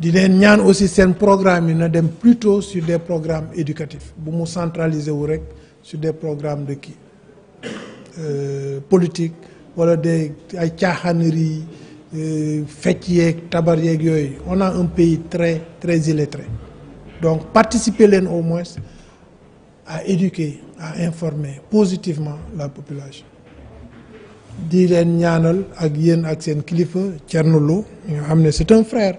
di len ñaan aussi un programme na dem plutôt sur des programmes éducatifs bu mu centraliser wu rek sur des programmes de qui euh, politique wala des ay caaxaanari euh, fecc tabar on a un pays très très illettré donc participer les au moins à éduquer à informer positivement la population di len ñaanal ak yeen ak sen c'est un frère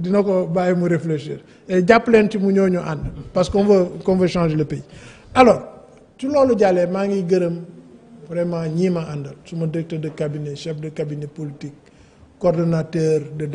dina ko il mu réfléchir et a plein de mu ñoo à faire. parce qu'on veut qu'on veut changer le pays alors ci lolu jàllee ma ngi suis vraiment ñima Je suis suma directeur de cabinet chef de cabinet politique coordonnateur de